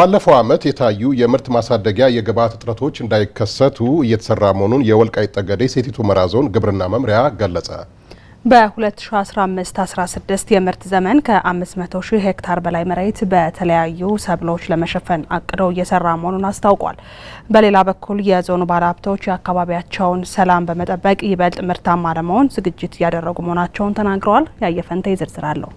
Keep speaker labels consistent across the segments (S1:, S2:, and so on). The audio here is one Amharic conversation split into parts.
S1: ባለፈው ዓመት የታዩ የምርት ማሳደጊያ የግብዓት እጥረቶች እንዳይከሰቱ እየተሰራ መሆኑን የወልቃይት ጠገዴ ሰቲት ሁመራ ዞን ግብርና መምሪያ ገለጸ።
S2: በ2015-16 የምርት ዘመን ከ500 ሺህ ሄክታር በላይ መሬት በተለያዩ ሰብሎች ለመሸፈን አቅዶ እየሰራ መሆኑን አስታውቋል። በሌላ በኩል የዞኑ ባለሀብቶች የአካባቢያቸውን ሰላም በመጠበቅ ይበልጥ ምርታማ ለመሆን ዝግጅት እያደረጉ መሆናቸውን ተናግረዋል። ያየፈንተ ይዝርዝራለሁ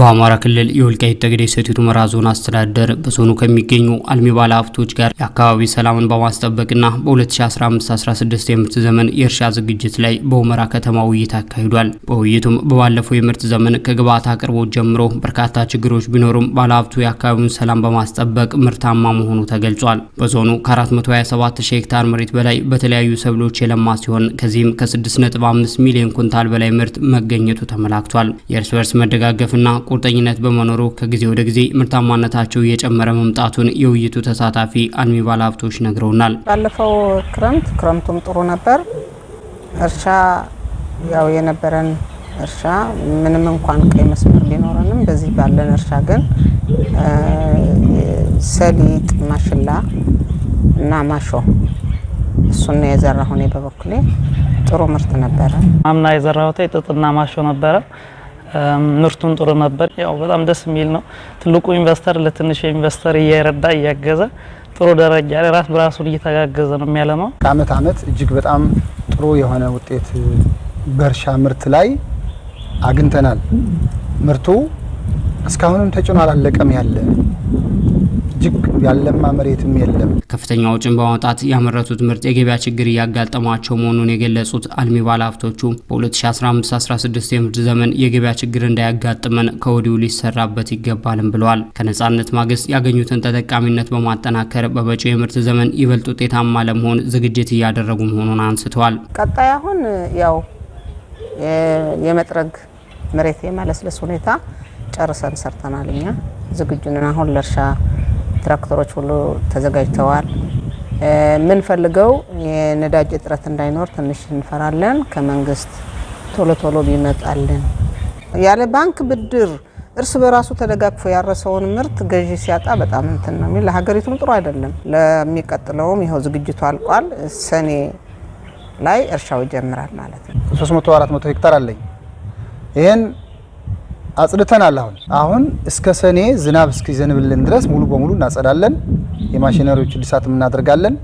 S1: በአማራ ክልል የወልቃይት ጠገዴ ሰቲት ሁመራ ዞን አስተዳደር በዞኑ ከሚገኙ አልሚ ባለ ሀብቶች ጋር የአካባቢ ሰላምን በማስጠበቅና በ2015/16 የምርት ዘመን የእርሻ ዝግጅት ላይ በሁመራ ከተማ ውይይት አካሂዷል። በውይይቱም በባለፈው የምርት ዘመን ከግብዓት አቅርቦት ጀምሮ በርካታ ችግሮች ቢኖሩም ሀብቱ የአካባቢውን ሰላም በማስጠበቅ ምርታማ መሆኑ ተገልጿል። በዞኑ ከ427 ሺህ ሄክታር መሬት በላይ በተለያዩ ሰብሎች የለማ ሲሆን ከዚህም ከ6.5 ሚሊዮን ኩንታል በላይ ምርት መገኘቱ ተመላክቷል። የእርስ በርስ መደጋገፍና ቁርጠኝነት በመኖሩ ከጊዜ ወደ ጊዜ ምርታማነታቸው እየጨመረ መምጣቱን የውይይቱ ተሳታፊ አልሚ ባለሀብቶች ነግረውናል።
S3: ባለፈው ክረምት ክረምቱም ጥሩ ነበር። እርሻ ያው የነበረን እርሻ ምንም እንኳን ቀይ መስመር ቢኖረንም በዚህ ባለን እርሻ ግን ሰሊጥ፣ ማሽላ እና ማሾ እሱን ነው የዘራሁኔ። በበኩሌ ጥሩ ምርት ነበረ።
S4: አምና የዘራሁት ጥጥና ማሾ ነበረ። ምርቱን ጥሩ ነበር። ያው በጣም ደስ የሚል ነው። ትልቁ ኢንቨስተር ለትንሽ ኢንቨስተር እየረዳ እያገዘ ጥሩ ደረጃ ላይ ራስ በራሱን እየተጋገዘ ነው የሚያለማው።
S5: ከአመት አመት እጅግ በጣም ጥሩ የሆነ ውጤት በእርሻ ምርት ላይ አግኝተናል። ምርቱ እስካሁንም ተጭኖ አላለቀም ያለ እጅግ ያለማ መሬትም የለም።
S1: ከፍተኛ ውጭን በማውጣት ያመረቱት ምርት የገበያ ችግር እያጋጠማቸው መሆኑን የገለጹት አልሚ ባለሀብቶቹ በ2015/16 የምርት ዘመን የገበያ ችግር እንዳያጋጥመን ከወዲሁ ሊሰራበት ይገባልም ብለዋል። ከነጻነት ማግስት ያገኙትን ተጠቃሚነት በማጠናከር በመጪው የምርት ዘመን ይበልጥ ውጤታማ ለመሆን ዝግጅት እያደረጉ መሆኑን አንስተዋል።
S3: ቀጣይ አሁን ያው የመጥረግ መሬት የማለስለስ ሁኔታ ጨርሰን ሰርተናል። እኛ ዝግጁንን አሁን ለእርሻ ትራክተሮች ሁሉ ተዘጋጅተዋል። የምንፈልገው የነዳጅ እጥረት እንዳይኖር ትንሽ እንፈራለን። ከመንግስት ቶሎ ቶሎ ቢመጣልን ያለ ባንክ ብድር እርስ በራሱ ተደጋግፎ ያረሰውን ምርት ገዢ ሲያጣ በጣም እንትን ነው የሚል ለሀገሪቱም ጥሩ አይደለም። ለሚቀጥለውም ይኸው ዝግጅቱ አልቋል። ሰኔ ላይ እርሻው ይጀምራል ማለት ነው።
S5: 300 400 ሄክታር አለኝ ይህን አጽድተናል። አሁን አሁን እስከ ሰኔ ዝናብ እስኪዘንብልን ድረስ ሙሉ በሙሉ እናጸዳለን። የማሽነሪዎች እድሳት እናደርጋለን።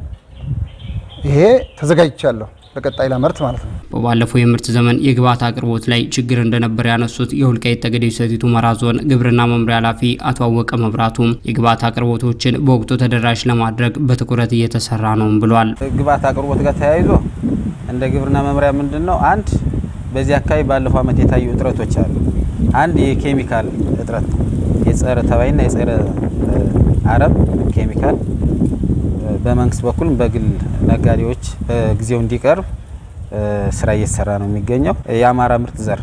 S5: ይሄ ተዘጋጅቻለሁ በቀጣይ ለምርት ማለት ነው።
S1: በባለፈው የምርት ዘመን የግብዓት አቅርቦት ላይ ችግር እንደነበረ ያነሱት የወልቃይት ጠገዴ ሰቲት ሁመራ ዞን ግብርና መምሪያ ኃላፊ አቶ አወቀ መብራቱ የግብዓት አቅርቦቶችን በወቅቱ ተደራሽ ለማድረግ በትኩረት እየተሰራ ነውም ብሏል።
S6: ግብዓት አቅርቦት ጋር ተያይዞ እንደ ግብርና መምሪያ ምንድን ነው አንድ በዚህ አካባቢ ባለፈው ዓመት የታዩ እጥረቶች አሉ። አንድ የኬሚካል እጥረት ነው። የጸረ ተባይና የጸረ አረም ኬሚካል በመንግስት በኩል በግል ነጋዴዎች በጊዜው እንዲቀርብ ስራ እየተሰራ ነው የሚገኘው። የአማራ ምርት ዘር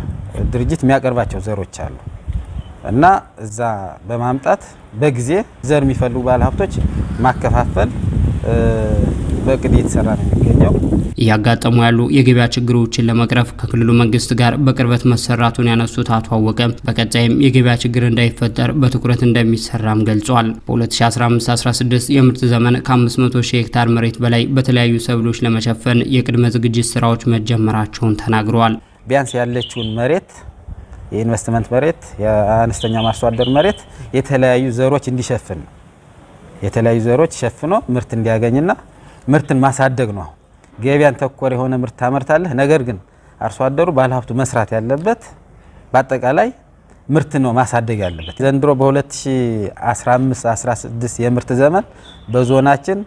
S6: ድርጅት የሚያቀርባቸው ዘሮች አሉ እና እዛ በማምጣት በጊዜ ዘር የሚፈልጉ ባለሀብቶች ማከፋፈል በቅድ የተሰራ ነው የሚገኘው።
S1: እያጋጠሙ ያሉ የገበያ ችግሮችን ለመቅረፍ ከክልሉ መንግስት ጋር በቅርበት መሰራቱን ያነሱት አቶ አወቀ በቀጣይም የገበያ ችግር እንዳይፈጠር በትኩረት እንደሚሰራም ገልጿል። በ2015/16 የምርት ዘመን ከ500 ሺህ ሄክታር መሬት በላይ በተለያዩ ሰብሎች ለመሸፈን የቅድመ ዝግጅት ስራዎች መጀመራቸውን ተናግረዋል።
S6: ቢያንስ ያለችውን መሬት የኢንቨስትመንት መሬት፣ የአነስተኛ አርሶ አደር መሬት የተለያዩ ዘሮች እንዲሸፍን የተለያዩ ዘሮች ሸፍኖ ምርት እንዲያገኝና ምርትን ማሳደግ ነው። ገቢያን ገበያን ተኮር የሆነ ምርት ታመርታለህ። ነገር ግን አርሶ አደሩ ባለሀብቱ መስራት ያለበት በአጠቃላይ ምርት ነው ማሳደግ ያለበት። ዘንድሮ በ2015 16 የምርት ዘመን በዞናችን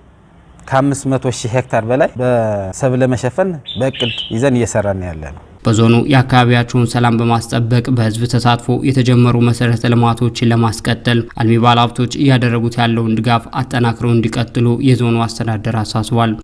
S6: ከ500 ሺህ ሄክታር በላይ በሰብል ለመሸፈን በእቅድ ይዘን እየሰራን ያለ ነው።
S1: በዞኑ የአካባቢያቸውን ሰላም በማስጠበቅ በህዝብ ተሳትፎ የተጀመሩ መሰረተ ልማቶችን ለማስቀጠል አልሚ ባለሀብቶች እያደረጉት ያለውን ድጋፍ አጠናክረው እንዲቀጥሉ የዞኑ አስተዳደር አሳስቧል።